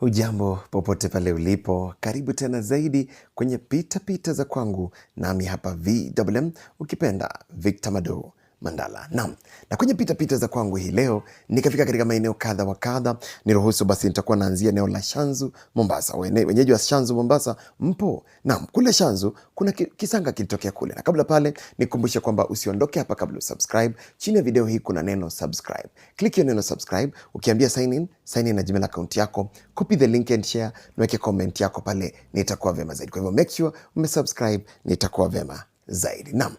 Hujambo popote pale ulipo, karibu tena zaidi kwenye pitapita pita za kwangu, nami hapa VMM ukipenda Victor Mado. Mandala. Naam, na kwenye pita pita za kwangu hii leo nikafika katika maeneo kadha wa kadha, niruhusu basi, nitakuwa naanzia eneo la Shanzu Mombasa. Wenyeji wa Shanzu Mombasa mpo? Naam, kule Shanzu kuna kisanga kilitokea kule, na kabla pale nikukumbushe kwamba usiondoke hapa kabla usubscribe. Chini ya video hii kuna neno subscribe, click hiyo neno subscribe, ukiambia sign in, sign in na Gmail account yako, copy the link and share, niweke comment yako pale, nitakuwa vema zaidi. Kwa hivyo make sure umesubscribe, nitakuwa vema zaidi. Naam.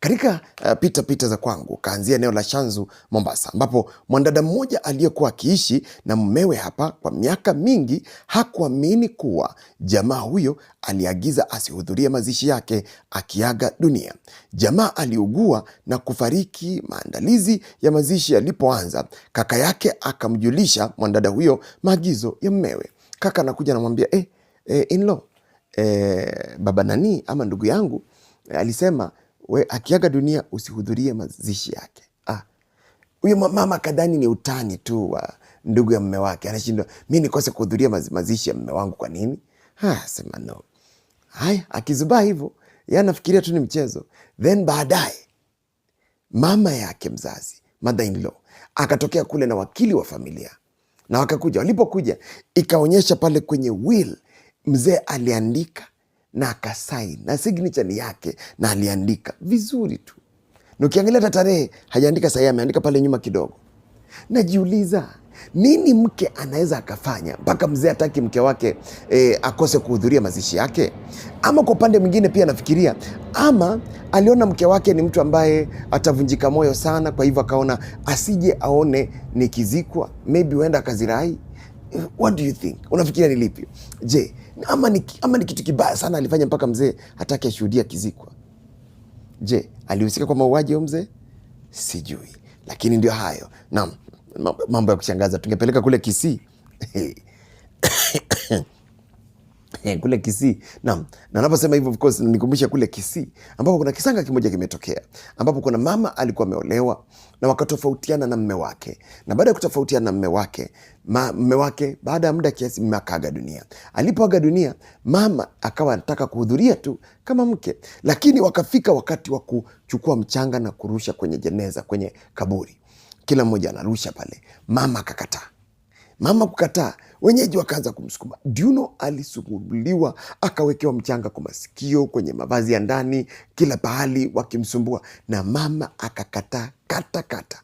Katika uh, pita pita za kwangu kaanzia eneo la Shanzu Mombasa, ambapo mwanadada mmoja aliyekuwa akiishi na mmewe hapa kwa miaka mingi hakuamini kuwa jamaa huyo aliagiza asihudhurie mazishi yake akiaga dunia. Jamaa aliugua na kufariki. Maandalizi ya mazishi yalipoanza, kaka yake akamjulisha mwanadada huyo maagizo ya mmewe. Kaka anakuja anamwambia eh, eh, in-law eh, baba nani ama ndugu yangu eh, alisema we akiaga dunia usihudhurie mazishi yake. Ah, huyo mama kadhani ni utani tu wa ndugu ya mme wake, anashindwa mi nikose kuhudhuria mazishi ya mme wangu kwa nini? Ha, sema no. Haya, akizubaa hivyo yeye anafikiria tu ni mchezo. Then baadaye mama yake mzazi, mother in law, akatokea kule na wakili wa familia na wakakuja. Walipokuja ikaonyesha pale kwenye will mzee aliandika na akasaini na signature ni yake na aliandika vizuri tu, na ukiangalia hata tarehe hajaandika sahihi, ameandika pale nyuma kidogo. Najiuliza nini mke anaweza akafanya mpaka mzee ataki mke wake e, akose kuhudhuria mazishi yake? Ama kwa upande mwingine pia nafikiria, ama aliona mke wake ni mtu ambaye atavunjika moyo sana, kwa hivyo akaona asije aone nikizikwa, maybe huenda akazirai what do you think? Unafikiria ni lipi? Je, ama ni, ama ni kitu kibaya sana alifanya mpaka mzee hataki ashuhudia kizikwa? Je, alihusika kwa mauaji ya mzee? Sijui, lakini ndio hayo. Naam, mambo ya kushangaza. Tungepeleka kule Kisii Eh, kule Kisii. Naam, na naposema hivyo of course nikumbusha kule Kisii ambapo kuna kisanga kimoja kimetokea, ambapo kuna mama alikuwa ameolewa na wakatofautiana na mme wake, na baada ya kutofautiana na mme wake ma, mme wake baada ya muda kiasi mme akaaga dunia. Alipoaga dunia, mama akawa anataka kuhudhuria tu kama mke, lakini wakafika wakati wa kuchukua mchanga na kurusha kwenye jeneza, kwenye kaburi, kila mmoja anarusha pale. Mama akakataa. Mama kukataa Wenyeji wakaanza kumsukuma. Juno alisuguliwa, akawekewa mchanga kwa masikio, kwenye mavazi ya ndani, kila pahali wakimsumbua, na mama akakataa katakata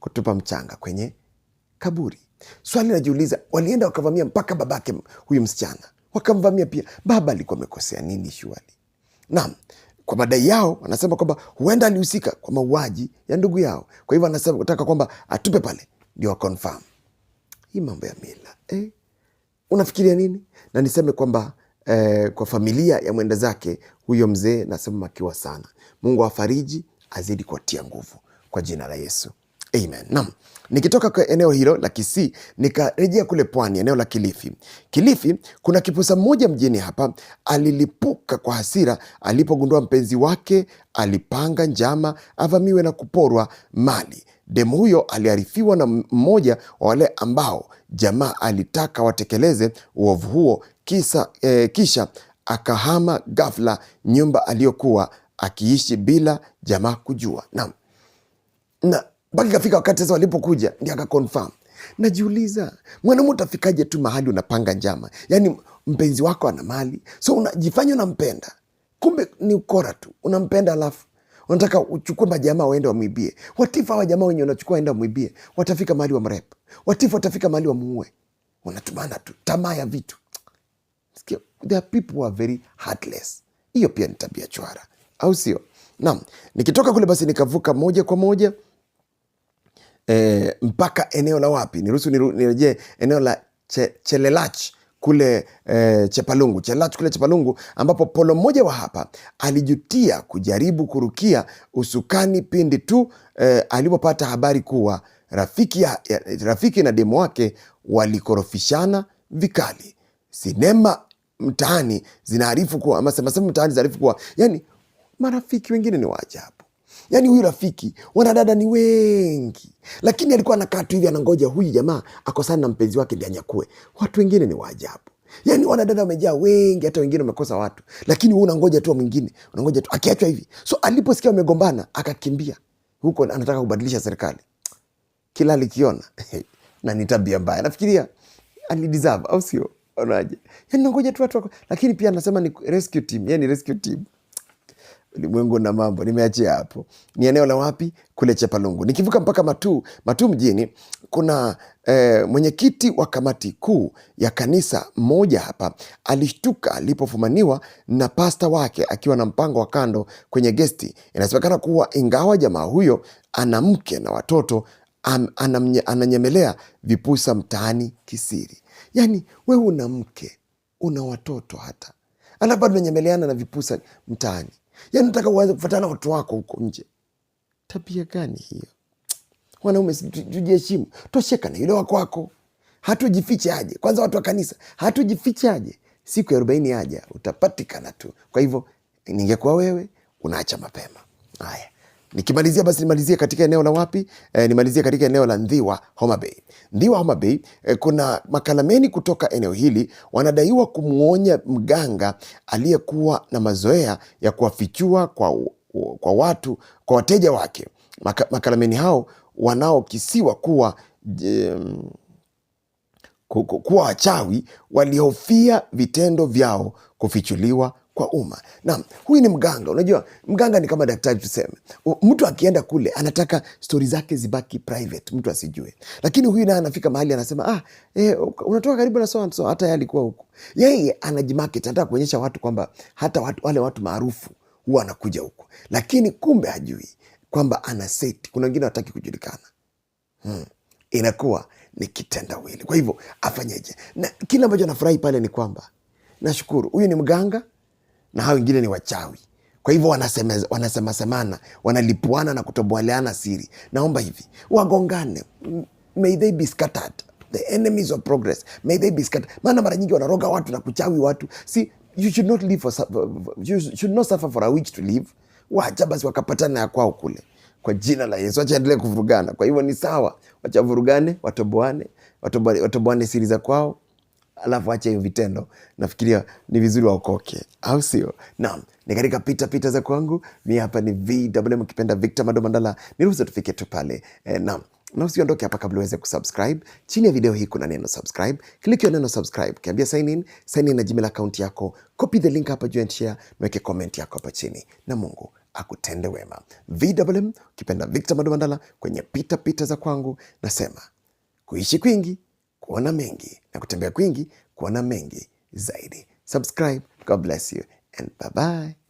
kutupa mchanga kwenye kaburi. Swali najiuliza, walienda wakavamia mpaka babake huyu msichana, wakamvamia pia. Baba alikuwa amekosea nini? Shuali naam kwa madai yao wanasema kwamba huenda alihusika kwa mauaji ya ndugu yao, kwa hivyo anasema kutaka kwamba atupe pale, ndio wakonfirm hii mambo ya mila eh, unafikiria nini? Na niseme kwamba eh, kwa familia ya mwenda zake huyo mzee, nasema makiwa sana. Mungu awafariji, azidi kuwatia nguvu kwa jina la Yesu. Amen. Naam. Nikitoka kwa eneo hilo la Kisii nikarejea kule pwani, eneo la Kilifi. Kilifi kuna kipusa mmoja mjini hapa alilipuka kwa hasira alipogundua mpenzi wake alipanga njama avamiwe na kuporwa mali. Demu huyo aliarifiwa na mmoja wa wale ambao jamaa alitaka watekeleze uovu huo kisa, eh, kisha akahama ghafla nyumba aliyokuwa akiishi bila jamaa kujua. Naam. Na mpaka ikafika wakati sasa walipokuja ndio akakonfirm. Najiuliza mwanaume utafikaje tu mahali unapanga njama? Yaani mpenzi wako ana mali, so unajifanya unampenda, kumbe ni ukora tu, unampenda alafu unataka uchukue majamaa waende wamwibie. Watifu hawa jamaa wenye unachukua waende wamwibie, watafika mahali wamrep. Watifu watafika mahali wamuue. Unatumana tu tamaa ya vitu. Sikia, there are people who are very heartless. Hiyo pia ni tabia chwara, au sio? Naam, nikitoka kule basi nikavuka moja kwa moja eh, mpaka eneo la wapi, niruhusu nirejee eneo la che, Chelelach kule eh, Chepalungu Chelelach kule Chepalungu, ambapo polo mmoja wa hapa alijutia kujaribu kurukia usukani pindi tu eh, alipopata habari kuwa rafiki, ya, ya, rafiki na demu wake walikorofishana vikali. Sinema mtaani zinaarifu kuwa ama mtaani zinaarifu kuwa yani marafiki wengine ni waajabu. Yaani huyu rafiki, wanadada ni wengi, lakini alikuwa anakaa tu hivi, anangoja huyu jamaa akosane na mpenzi wake ndiye anyakue. Watu wengine ni waajabu. Yaani wanadada wamejaa wengi, hata wengine wamekosa watu, lakini wewe unangoja tu mwingine, unangoja tu akiachwa hivi. So aliposikia wamegombana akakimbia huko, anataka kubadilisha serikali. Kila alikiona na ni tabia mbaya, nafikiria alideserve, au sio? Unaje? Yaani nangoja tu watu, lakini pia anasema ni rescue team, yaani rescue team ulimwengu na mambo nimeachia hapo. Ni eneo la wapi? Kule Chepalungu. Nikivuka mpaka matu Matu mjini kuna e, mwenyekiti wa kamati kuu ya kanisa moja hapa alishtuka alipofumaniwa na pasta wake akiwa na mpango wa kando kwenye gesti. Inasemekana kuwa ingawa jamaa huyo ana mke na watoto an, anamye, ananyemelea vipusa mtaani kisiri. Yani wewe una mke una watoto hata alafu bado unanyemeleana na vipusa mtaani yani nataka uanze kufuatana watu wako huko nje. Tabia gani hiyo? Wanaume tujiheshimu, tosheka na yule wako wako, hatujifiche aje? Kwanza watu wa kanisa hatujifiche aje? Siku ya arobaini aja utapatikana tu. Kwa hivyo ningekuwa wewe, unaacha mapema haya. Nikimalizia basi nimalizie katika eneo la wapi? E, nimalizie katika eneo la Ndhiwa Homa Bay. Ndhiwa Homa Bay, e, kuna makalameni kutoka eneo hili wanadaiwa kumwonya mganga aliyekuwa na mazoea ya kuwafichua kwa, kwa watu kwa wateja wake. Maka, makalameni hao wanaokisiwa kuwa jem, kuwa wachawi walihofia vitendo vyao kufichuliwa kwa umma. Naam, huyu ni mganga. Unajua mganga ni kama daktari tuseme. Mtu akienda kule anataka stori zake zibaki private, mtu asijue. Lakini huyu naye anafika mahali anasema ah, eh, unatoka karibu na so and so, hata yeye alikuwa huko. Yeye anajimarket, anataka kuonyesha watu kwamba hata watu, wale watu maarufu huwa wanakuja huko, lakini kumbe hajui kwamba ana seti. Kuna wengine wataki kujulikana. Hmm. Inakuwa ni kitendawili. Kwa hivyo afanyeje? Na kile ambacho nafurahi pale ni kwamba nashukuru huyu ni mganga na hao wengine ni wachawi. Kwa hivyo wanasemasemana wanalipuana na kutoboaleana siri. Naomba hivi wagongane, may they be scattered the enemies of progress, may they be scattered. Maana mara nyingi wanaroga watu na kuchawi watu. See, you should not live for, you should not suffer for a witch to live. Wacha basi wakapatana ya kwao kule, kwa jina la Yesu, wacha endelee kuvurugana. Kwa hivyo ni sawa, wacha vurugane, watoboane, watoboane siri za kwao alafu acha hiyo vitendo, nafikiria ni vizuri waokoke, au sio? Naam, ni katika pita pita za kwangu. Mi hapa ni VMM, ukipenda Victor Madomandala. Niruhusu tufike tu pale e, naam na usiondoke hapa kabla uweze kusubscribe. Chini ya video hii kuna neno subscribe, kliki neno subscribe, kiambia sign in, sign in na Gmail account yako, copy the link hapa juu and share, naweke comment yako hapa chini, na Mungu akutende wema. VMM, kipenda Victor Mandala, kwenye pita pita za kwangu, nasema kuishi kwingi kuona mengi na kutembea kwingi kuona mengi zaidi. Subscribe. God bless you and bye bye.